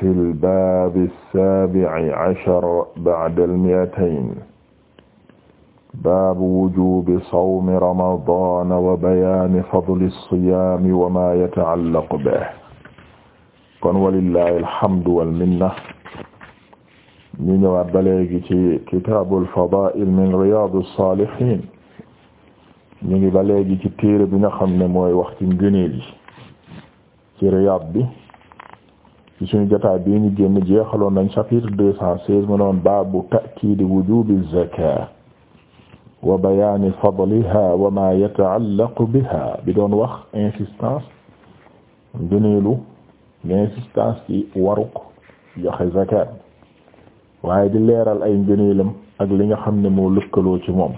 fi lbab alsabici cashar bacda almiatayn baabu wujubi sawmi ramadana wa bayaani fadli alsiyaami wa ma yataallaqu bih kon walillahi alhamdu walminna ñu ñëwaat ba léegi ci kitaabu alfadaa'il min riyaadi saalihiin ñu ngi ba léegi ci téere bi nga xam ne mooy wax ci ngëneel yi ci riyaad bi ci suñu jotaay bii ñu génn jeexaloon nañ chapitre deux cent seize mu noon baabu ta'kiidi wujuubi zakaat wa bayaani fadliha wa ma yataallaqu biha bi doon wax insistance ngëneelu l'insistance ci waruk joxe zakat waaye di leeral ay ngëneelam ak li nga xam ne moo lëkkaloo ci moom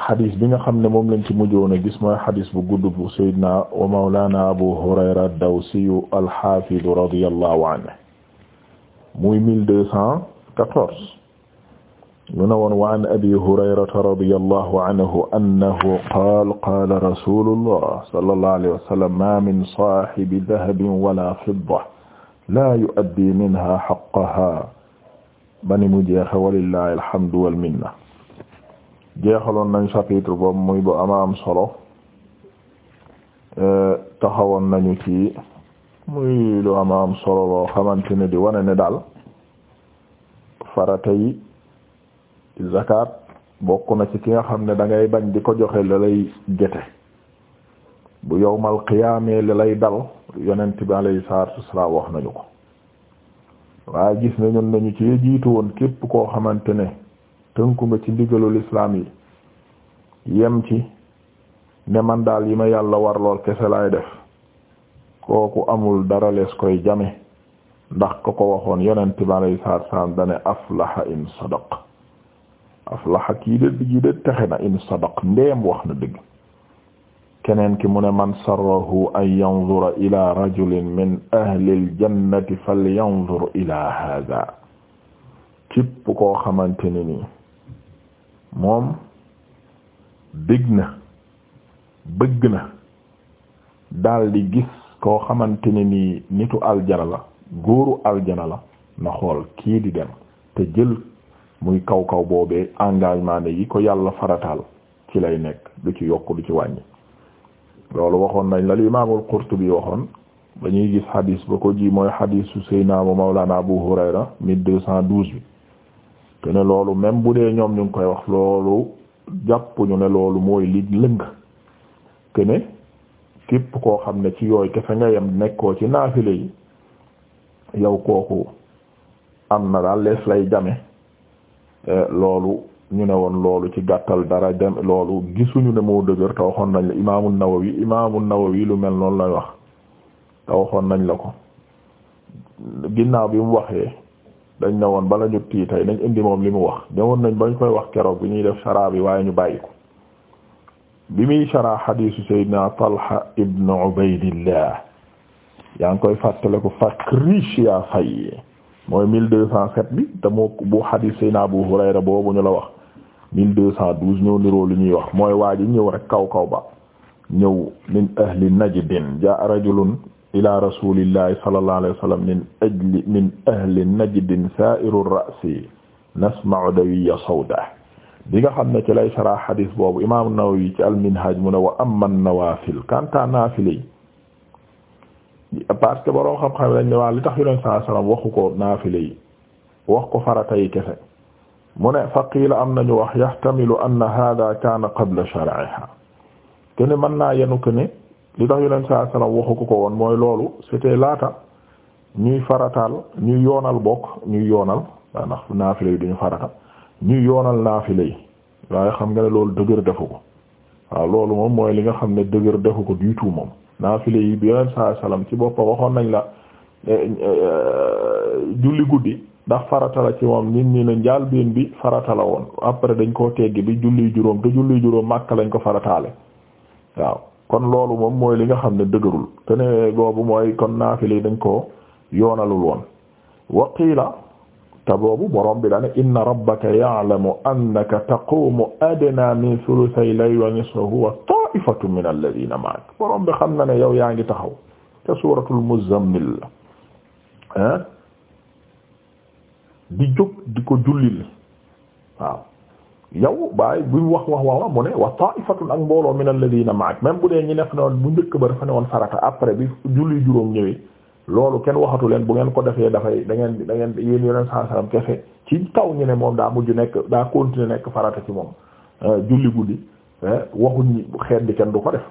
xadis bi nga xam ne moom lañ ci mujjoon a gis mooy xadis bu gudd bu sayyidina wa mawlana abu hurayra dawsiyu alxafidu radiyallahu anhu muy mille deux cent quatorze ñu ne woon wa an abi hurayrata radiyallahu anhu annahu qaala qaala rasulullah sallallahu alayhi wa sallam ma min saahibi dahabin wala fidda la yu'addi minha haqqaha bani mu jeexe walillahi alhamdu wal minna jeexaloon nañ chapitre boobu muy bu ama am solo euh, taxawoon nañu ci muy lu ama am solo loo xamante ne di wane ne daal farata yi zakat bokk na ci ki nga xam ne dangay ngay bañ di ko joxe la lay gete bu yowmal qiyaamee la lay dal yonent bi alayhi salaatu wax nañu ko waaye gis ne ñun nañu ci jiitu woon képp koo xamante ne tënku ci ndigalul islam yi yem ci ne man daal yi ma yàlla war kese laay def kooku amul dara les koy jame ndax ko ko waxoon yonent bi alayhi salaatu salaam dane aflaha in sadaq aflaha kii de texe na in sadaq ndeem wax na dëgg keneen ki mu ne man sarrahu an yanzura ila rajulin min ahli aljannati falyanzur ila hadha képp koo xamante ni moom dégg na bëgg na daal di gis koo xamante ne nii nitu aljana la góoru aljana la na xool kii di dem te jël muy kaw kaw boobee engagement ne yi ko yàlla farataal ci lay nekk du ci yokk du ci wàññi loolu waxoon nañ la li imaamul Qurtubi waxoon ñuy gis hadis ba ko ji mooy hadisu Seydina Mawlana Abu Hurayra 1212 bi que loolu même bu dee ñoom ñu ngi koy wax loolu jàpp ne loolu mooy li lëng que ne koo xam ne ci yooyu kefe nga yem nekkoo ci naafile yi yow kooku am na daal lees lay jame eh, loolu ñu ne woon loolu ci gàttal dara dem loolu gisuñu ne moo dëgër te waxoon nañ la imaamu Nawawi imaamu Nawawi lu mel noonu lay wax te waxoon nañ la ko ginnaaw bi mu waxee dañ ne woon bala ñu tii tey nañ indi moom li mu wax ñëwoon nañ bañ koy wax keroog bi ñuy def chara bi waaye ñu bàyyi ko bi muy chara xadiisu Seydina Talha ibn Ubaydillah yaa ngi koy fàttale ko Fakriciya Faye mooy mille deux cent sept bi te moo bu xadiis Seydina Abu Hurayra boobu ñu la wax mille deux cent douze ñëw niroo li ñuy wax mooy waa yi ñëw rek kaw kaw ba ñëw min ahli najdin jaa rajulun ila rasulillahi sallallahu alayhi wa sallam min ajli min ahli najdin sa'iru ra'si nasma'u dawiya sawda bi nga xam ne ci lay sara xadis boobu imam Nawawi ci al-Minhaj mu ne wa amma an-nawafil kanta naafile yi parce que boroom xam-xam dañ ne waa li tax yu leen saa salaam waxu ko naafile yi wax ko farata yi kese mu ne fa qiila am nañu wax yahtamilu anna hada kaana qabla shar'iha kene mën naa yenu kene li tax yonent saa salaam waxu ko ko woon mooy loolu c'était laata ñuy farataal ñuy yoonal bokk ñuy yoonal ndax naafile yi duñu farata ñuy yoonal naafile yi waaye xam nga ne loolu dëgër defu ko waaw loolu moom mooy li nga xam ne dëgër defu ko du tout moom naafile yi bi yonent saa salaam ci boppam waxoon nañ la eh, eh, julli guddi ndax farata la ci moom nit ñi ne njàlbéen bi farata woon après dañ koo teggi bi julli juróom te julli juróom Makka lañ ko farataale waaw. kon loolu moom mooy li nga xam ne dëgërul te ne boobu mooy kon naafile dañ ko yoonalul woon wa qiila te boobu borom bi dane inna rabbaka ya'lamu annaka taqumu adna min thuluthay layli wa nisfahu wa min alladhina na ne yow yaa ngi taxaw te suratul ah, di jóg di ko jullil yow bàyyi bu wax wax wax mu ne wa ta'ifatun ak mbooloo min alladhina ma'ak même bu dee ñi nekk ne woon bu njëkk ba dafa ne woon farata après bi julli juróom ñëwee loolu kenn waxatu leen bu ngeen ko defee dafay da ngeen da ngeen yéen yoneen saa salaam kese ci taw ñu ne moom daa mujj nekk daa continuer nekk farata ci moom euh, julli guddi euh, waxuñ xeet di kenn du ko def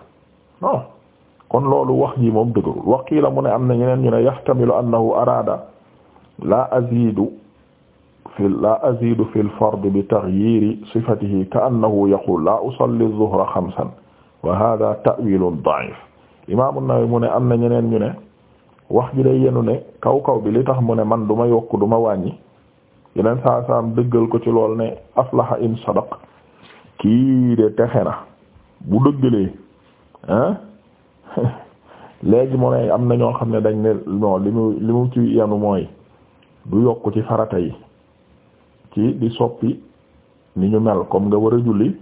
non kon loolu wax ji moom dëgërul waqiila mu ne am na ñeneen ñu ne yahtamilu annahu araada la azidu fi la azidu fi lfard bi taxyiri sifatihi ka annahu yaqul la usalli zuhra xamsan wa hada ta'wilun da'if imaamu Nawawi mu ne am na ñeneen ñu ne wax ji day yenu ne kaw kaw bi li tax mu ne man du yokk du wàññi yeneen saa am dëggal ko ci lool ne aflaha in sadaq kii de texe na bu dëggalee léegi mu ne am na ñoo xam ne dañ ne non li mu li mu ci yenu mooy du yokk ci farata yi ci di soppi ni ñu mel comme nga war a julli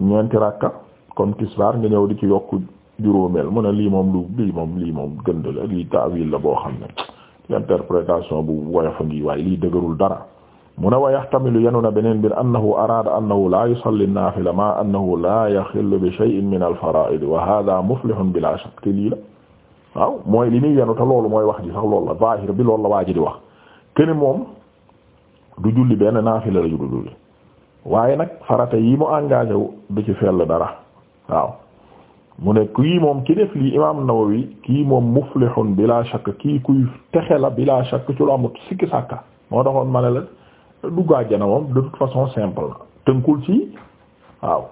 ñeenti rakka comme tisbaar nga ñëw di ci yokk juróomeel mu ne lii moom lu lii moom lii moom gënd la lii taawil la boo xam ne l'interprétation bu woyofa ngi waaye lii dëgërul dara mun ne wa yaxtamilu yenu na beneen bi annahu araada annahu la a naafila ma annahu la yaxillu bi shay'in min al-faraa'id wa hada muflihun bila shakk te mooy li muy yenu mooy wax ji sax loolu la zahir bi loolu la waa ji di wax kene moom du julli benn naafila la du julli waaye nag farata yi mu engagé wu du ci fell dara waaw mu ne kii moom ki def lii imaam Nawawi kii moom muflihun bila shakk kii kuy texe la bila shakk ci lu amut sikki sàkka moo taxoon ma ne la dugg àjjana moom de toute façon simple la tënkul ci waaw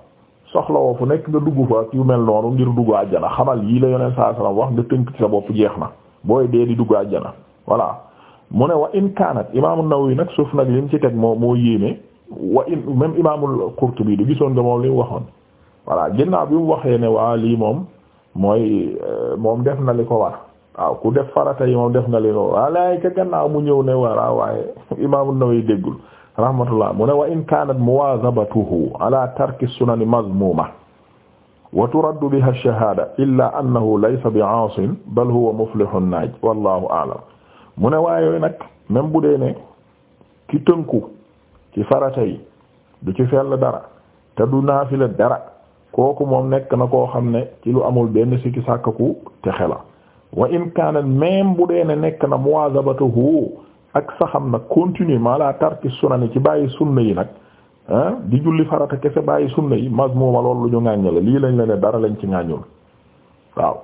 soxla fu nekk nga dugg fa ak yu mel noonu ngir dugg àjjana xamal yii la yoneen saa wax nga tënk ci sa bopp jeex na booy dee di dugg àjjana voilà mu ne wa in kaanat imaamu Nawawi nag suuf nag lim ci teg moo moo yéeme wa in même Qurtubi du gisoon nga moom li mu waxoon voilà ginnaaw bi mu waxee ne waa lii moom mooy euh, moom def na li ko war waaw ku def farata yi moom def nga li ko war waaye ca gannaaw mu ñëw ne waraa waaye imaamu Nawawi déggul rahmatullah mu ne wa kaanat muwaazabatuhu ala tarki sunani mazmuuma wa biha ash-shahaada illaa annahu bi aasin bal huwa muflihun naaj wallaahu mu ne waaye nag même bu dee ne ki tënku ci farata yi du ci fell dara te du naafila dara kooku moom nekk na koo xam ne ci lu amul benn sikki sàkkaku texe la wa in kaana même bu dee ne nekk na muwaazabatuhu ak xam nag continue maa la tarki sunani ci bàyyi sunna yi nag ah, di julli farata kese bàyyi sunna yi ma loolu lu ñu ŋàññale lii lañ la ne dara lañ ci ŋàññul waaw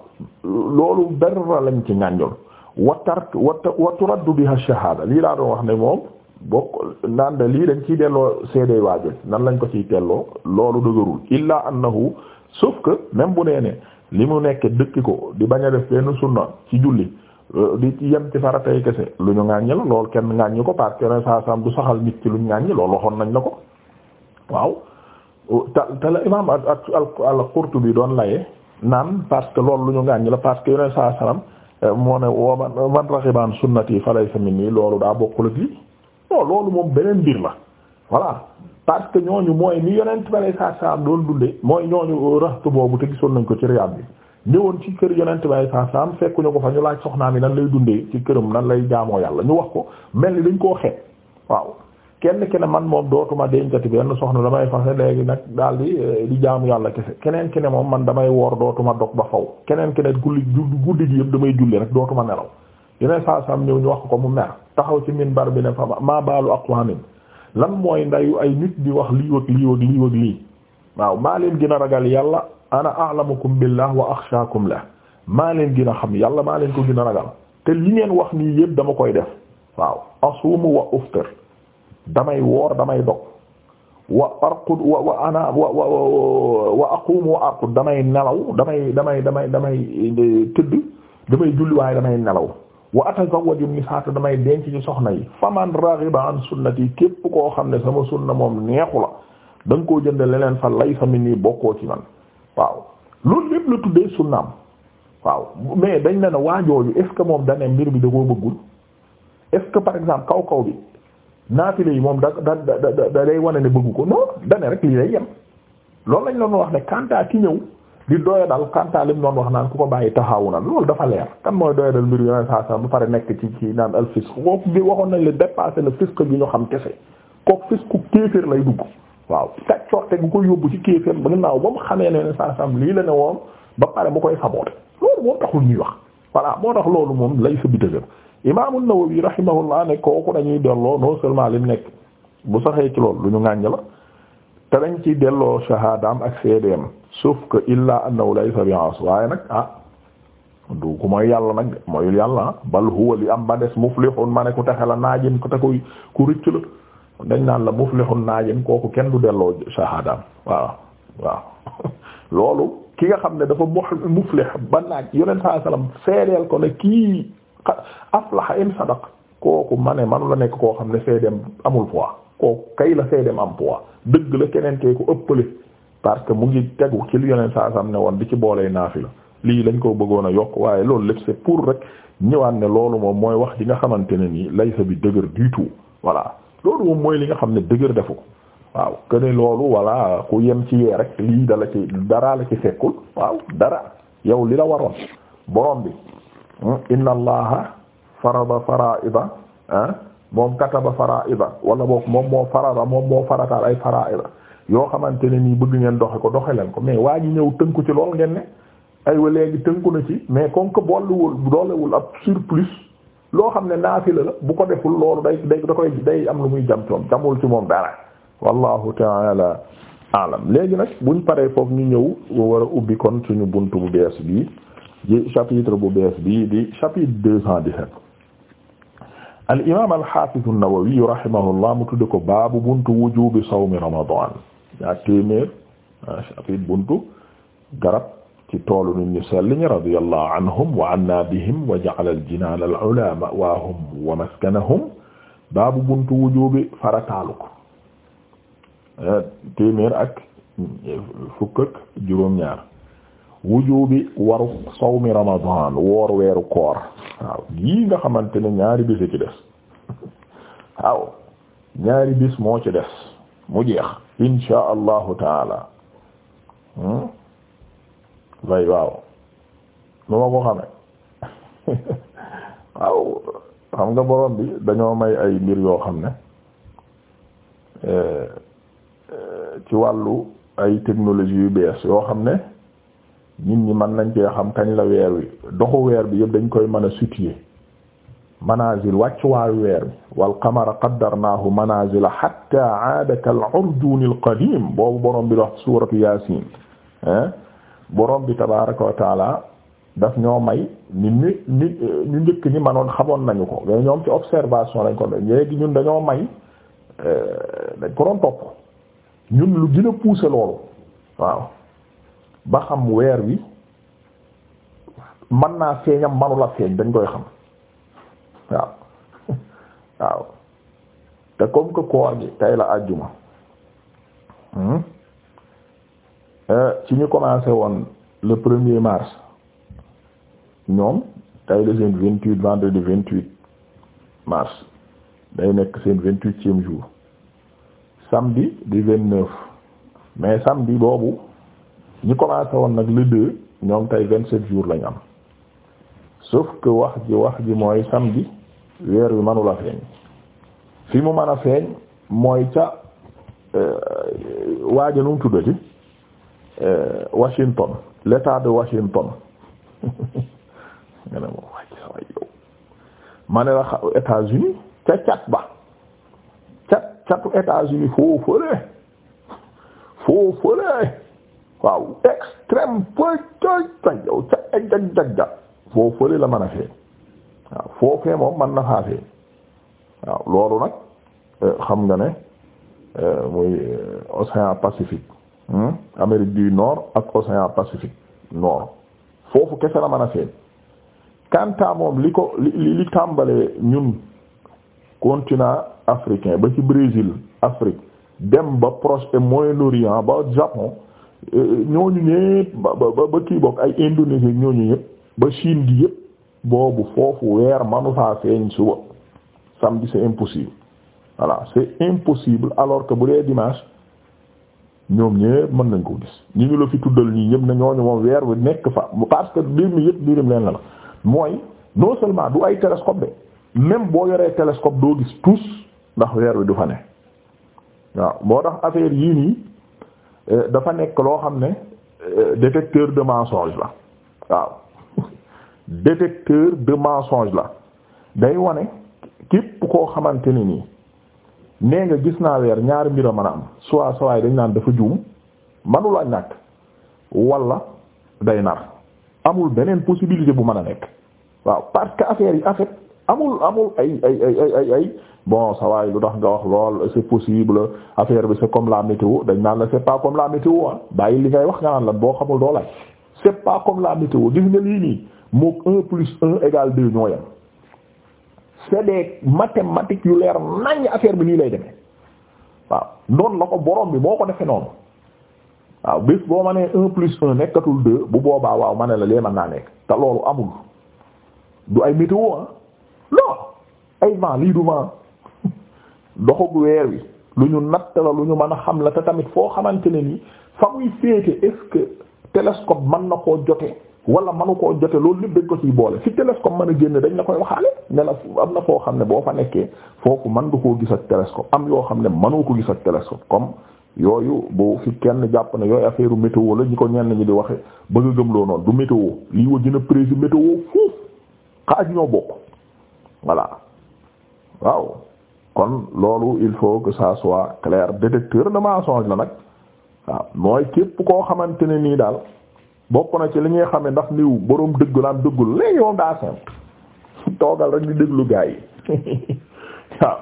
loolu dara lañ ci ŋàññul wa tart wa turaddu biha shahada lii laa doon wax ne moom bokk naan de lii dañ ciy delloo seede waajal nan lañ ko ciy delloo loolu dëgërul illa annahu sauf que même bu nee ne li mu nekk dëkki ko di bañ a def benn sunna ci julli euh, di yem ci faratay kese lu ñu ŋàññi la lool kenn ŋàññi ko parce que ne saa saam du saxal nit ci lu ñu ŋàññi loolu waxoon nañ la ko waaw te te la imaam al al al Qurtubi doon laye naan parce que lool lu ñu ŋàññi la parce que yeneen saa salaam moo ne woo man man raxibaan sunnati falaysa minni loolu daa bokkul ak lii non loolu moom beneen biir la voilà parce que ñooñu mooy ni yonent balay saa saa am doon dundee mooy ñooñu raxtu boobu te gisoon nañ ko ci Riyad bi ñëwoon ci kër yonent balay saa saa am fekkuñu ko fa ñu laaj soxnaam yi nan lay dundee ci këram nan lay jaamoo yàlla ñu wax ko mel ni dañ koo xeet waaw. kenn ki ne man moom dootuma dencati benn soxna damay fase léegi nag daal di eh, di jaamu yàlla kese keneen ki ne moom man damay woor dootuma dog ba faw keneen ki ne guddi guddi gi yëpp damay julli rek dootuma nelaw yeneen saa sam ñëw ñu wax ko mu mer taxaw ci minbar bi ne fa maa baalu aqwaamin lan mooy ndayu ay nit di wax lii wëg lii wëg lii wëg waaw maa leen gën a ragal yàlla ana a'lamukum billah wa akhshaakum la maa leen gën a xam yàlla maa leen ko gën a ragal te li ngeen wax nii yëpp dama koy def waaw damay woor damay dog wa arqud wa wa ana wa wa wa aqumu wa arqud damay nelaw damay damay damay damay tëdd damay julli waaye damay nelaw wa atazawwaju nisaata damay denc ci soxna yi faman raghiba an sunnati képp koo xam ne sama sunna moom neexu la da nga koo jënd leneen fa laysa minni bokkoo ci man waaw loolu lépp la tuddee sunnaam waaw mais dañ ne ne waajooju est ce que moom dane mbir bi da koo bëggul est ce que par exemple kaw kaw bi naafile yi moom da da da da day wane ne bëggu ko non da rek lii day yem loolu lañ doon wax ne kanta ki ñëw di doyadal kanta lim doon wax naan ku ko bàyyi taxawu na loolu dafa leer kan mooy doyadal mbir yeneen saa saa ba pare nekk ci ci naan al fisq kooku bi waxoon nañ le dépassé le fisq bi ñu xam kese kooku fisku kéefër lay dugg waaw teg coorte gu ko yóbbu ci kéefër ba naaw ba mu xamee ne saa saa lii la ne woon ba pare mu koy saboote loolu taxul ñuy wax voilà moo tax loolu moom lay sa bitëgër Imaam An-Nawawi rahimahullah ne kooku dañuy delloo non seulement nekk bu saxee ci loolu lu ñu ŋàññ la te dañ ci delloo shahaadaam ak seedeem sauf que illaa annahu laysa bi aas waaye nag ah du ku mooy yàlla nag mooyul yàlla ah bal li am ba des muflihun ma ne ku texe la naajin ko te kuy ku rëcc la dañ naan la muflihun naajin kooku kenn du delloo shahaadaam waaw waaw loolu ki nga xam ne dafa muflih ba naaj yonent saa salaam seedeel ko ne kii aflaha in sadaq kooku ma ne manu la nekk koo xam ne seedeem amul poids kooku kay la seedeem am poids dëgg la keneen kee ko ëppale parce que mu ngi tegu ci li yoneen saa sam ne woon di ci boolee naafi la lii lañ koo bëggoon a yokk waaye loolu lépp c'est pour rek ñëwaan ne loolu moom mooy wax ji nga xamante ne nii laysa bi dëgër du tout voilà loolu moom mooy li nga xam ne dëgër defu ko waaw que loolu voilà ku yem ci yee rek lii dala ci daraa la ci fekkul waaw dara yow li la waroon bi Hmm? inna allaha farada faraida ah moom kataba faraida wala book moom moo farada moom moo farataal ay faraida yoo xamante ne nii bëgg ngeen doxe ko doxe leen ko mais waa ji ñëw tënku ci lool ngeen ne aywa léegi tënku na ci mais comme que boolewul doolewul ab surplus loo xam ne naafila la bu ko deful loolu day day da koy day am lu muy jam coom jamul ci moom dara wallahu taala alam léegi nag buñ paree foofu ñu ñëw war a ubbi kon suñu bunt bu bees bii ci chapitre bu bees bi di chapitre deux cent dix-sept al imam al hafiz an-Nawawi rahimahullah mu tudde ko baabu buntu wujubi sawmi ramadan ñaa téeméer ah, chapitre buntu garab ci toolu nit ñu sell ñi radiyallahu anhum wa anna bihim wa ja'ala al-jinaan al-'ulaa ma'waahum wa maskanahum baabu buntu wujubi farataalu ko eh, téeméer ak fukk ak juróom-ñaar wujubi waru sawmi ramadan woor weeru koor waaw lii nga xamante ne ñaari bis ci des waaw ñaari bis moo ci des mu jeex insha allahu taala hmm? way waaw nu ma ko xame waaw xam nga borom bi dañoo may ay mbir yoo xam ne eh, eh, ci wàllu ay technologie yu bees yoo xam ne nit ñi man nañ cee xam kañ la weer wi doxu weer bi yëpp dañ koy mën a situer manazil wàccuwaayu weer bi wal qamara qaddarnaahu manazila hatta aada kal urjun al qadim boobu borom bi wax suuratu yaasiin borom bi tabaaraka wa daf ñoo may ni ni ni ñu njëkk ñi manoon xamoon nañu ko mais ñoom ci observation lañ ko léegi ñun dañoo may euh, dañ doon topp ñun lu gën a pousser loolu waaw. ba xam weer bi man naa feeñam manula feeñ dañ koy xam waaw waaw te comme que koor gi tay la àjjuma hmm? euh, ci ñu commencé woon le premier mars ñoom tay la seen vingt huit vendredi vingt huit mars day nekk seen vingt huitième jour samedi di vingt neuf mais samedi boobu ñu commencé woon nag le deux ñoom tey vingt sept jours lañ am sauf que wax ji wax ji mooy samedi weer wi manula feeñ fi mu mën a feeñ mooy ca euh, waaja nu mu tuddati euh, Washington l'état de Washington nga moom waaj sa yow ma ne la États-Unis ca cat ba cat catu États-Unis foo fële foo fële waaw extrême fooy cooy ca foo fële la mën a fee waaw foo fee moom mën na fee waaw loolu nag euh, xam nga ne euh, muy euh, océan Pacifique hmm? Amérique du Nord ak océan Pacifique Nord foofu kese la mën a fee kanta moom li ko li li tàmbalee ñun continent africain ba ci Brésil Afrique dem ba proche et Moyen-Orient ba Japon ñooñu ñëpp ba ba ba kii bokk ay Indonésie ñooñu ñëpp ba Chine gi yëpp boobu foofu weer manu faa feeñ suba samedi c'est impossible voilà c'est impossible alors que bu dee dimanche ñoom ñëpp mën nañ ko gis ñi ñu la fi tuddal ñii ñëpp na ñooñu moom weer wi nekk fa parce que mbir mi yëpp mbirum leen la mooy non seulement du ay télescope de même boo yoree télescope doo gis tous ndax weer wi du fa ne waaw moo tax affaire yii nii. Euh, dafa nekk loo xam ne euh, détecteur de mensonge la waaw détecteur de mensonge la day wane képp koo xamante ni nii nee nga gis naa weer ñaari mbir a mën a am soit sawaay dañ naan dafa juum manula ñàkk walla day nar amul beneen possibilité bu mën a nekk waaw parce que affaire yi en amul amul ay ay ay ay ay bon sawaay waay lu tax nga wax lool c'est possible affaire bi c'est comme la météo dañ naan la c'est pas comme la météo ah bàyyi li ngay wax nga naan la boo xamul doo laaj c'est pas comme la météo gis nga lii nii moom un plus un égale deux ñoo yem c'est des mathématiques yu leer nañ affaire bi nii lay demee waaw noonu la ko borom bi boo ko defee noonu waaw bis boo ma ne un plus un nekkatul deux bu boobaa waaw ma ne la lee mën naa nekk te loolu amul du non ay maa lii du ma doxagu weer wi lu ñu natt la lu ñu mën a xam la te tamit foo xamante ne ni fa muy féete est-ce que na koo jote wala manu koo jote loolu lépp dañ ko ciy boole fi télescope mën a génn dañ la koy waxaale ne la am na foo xam ne boo fa nekkee foofu mën nga koo gis ak télescope am yoo xam ne mënoo ko gis ak télescope comme yooyu bu fi kenn jàpp na yooyu affaire météo la ñi ko ñenn ñi di waxe bëgg a gëmloo noonu du météo lii wa gën a météo foofu xaaj voilà waaw kon loolu il faut que ça soit clair détecteur de mensonge la nag waaw mooy képp koo xamante ne nii daal bokk na ci li ñuy xamee ndax niw boroom dëgg laam dëggul léegi moom daa simple toogal rek di déglu gaa yi waaw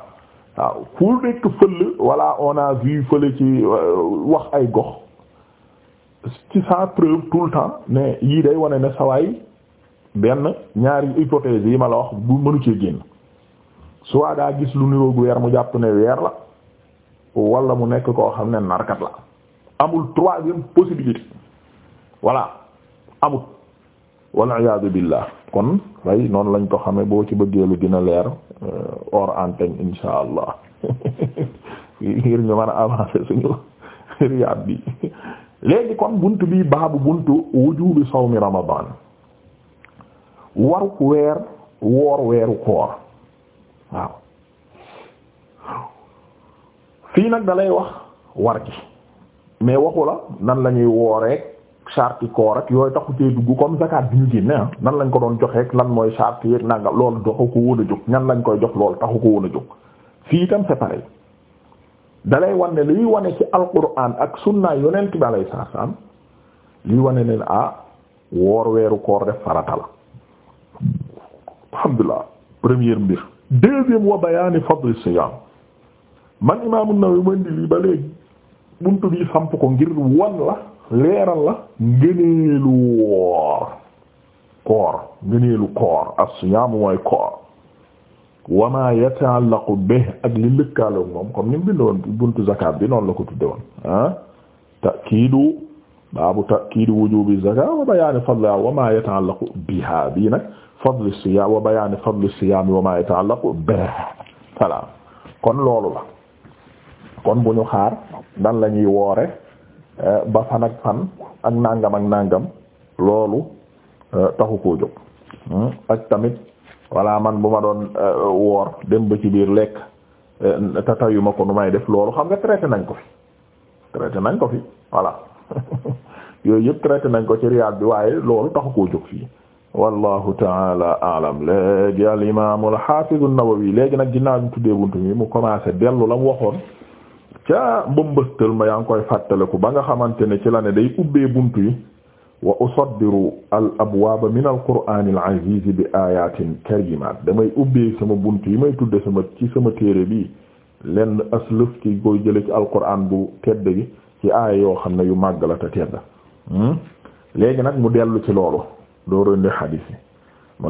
waaw fu nekk fël voilà on a fële ci euh, wax ay gox ci sans preuve tout le temps mais yii day wane ne sawaay benn ñaari hypothèse yi ma la wax bu mënu cee génn soit daa gis lu niroog weer mu jàpp ne weer la wala mu nekk koo xam ne narkat la amul troisième possibilité voilà amut wal iyaadu billah kon way noonu lañ ko xamee boo ci bëggee lu dina leer euh, hors antenne insha allah ngir ñu mën a avancer suñu riyaat bi léegi kon buntu bi baabu buntu wujubi sawmi ramadan waru weer woor weeru koor waaw fii nag da lay wax war gi mais waxu la nan la ñuy wooreek sarti koor ak yooy taxu cee dugg comme zakat bi ñu génne ah nan lañ ko doon joxeek lan mooy sarti yeeg nanga lool doxu ko woon jóg nan lañ koy jox lool taxu ko woon a jóg fii itam c'est pareil dalay wan ne liy wane ci alquran ak sunna yonent bi alayhi lii liy wane ne ah woor weeru koor def farata la alhamdulillah première mbir deuxième wa bayaani fadl as-siyaam man imaamu Nawawi ma indi lii ba léegi buntu bi samp ko ngir wan la leeral la ngëneelu woor koor ngëneelu koor as-siyaam mooy koor wa maa yata'allaqu bihi ak li lëkkaaloog moom comme ni mu bindoon buntu zakaat bi noonu la ko tudde woon ah takiidu baabu ta'kiid wujuubi zakaat wa bayaani fadlihaa wa maa fadli siyaam wa bayaani fadli siyaam wa maa yata'allaqu bihaa voilà kon loolu la kon bu ñu xaar dan la ñuy woore eh, ba fan ak fan ak nangam ak nangam loolu eh, taxu koo jóg hmm? ak tamit voilà man bu ma doon eh, woor dem ba biir lekk te tayuma ko nu may def loolu xam nga traité nañ ko fi traité nañ ko fi voilà. yooyu yëpp traité nañ ko ci Riyad bi waaye loolu taxu koo jóg fii wallahu taala alam léegi al imam al hafiz an-Nawawi léegi nag ginnaaw ñu tuddee buntu mi mu commencé dellu la mu waxoon ca mbambastal ma yaa ngi koy fàttaleku ba nga xamante ne ci la ne day ubbee bunt yi wa usaddiru al abwaaba min al qur'aan al aziz bi ayatin karimaat damay ubbee sama bunt yi may tudde sama ci sama téere bi lenn aslëf ci koy jële ci alquran bu tedd gi ci aay yoo xam ne yu màgg la te tedd hmm? léegi nag mu dellu ci loolu doo rëndi xadiis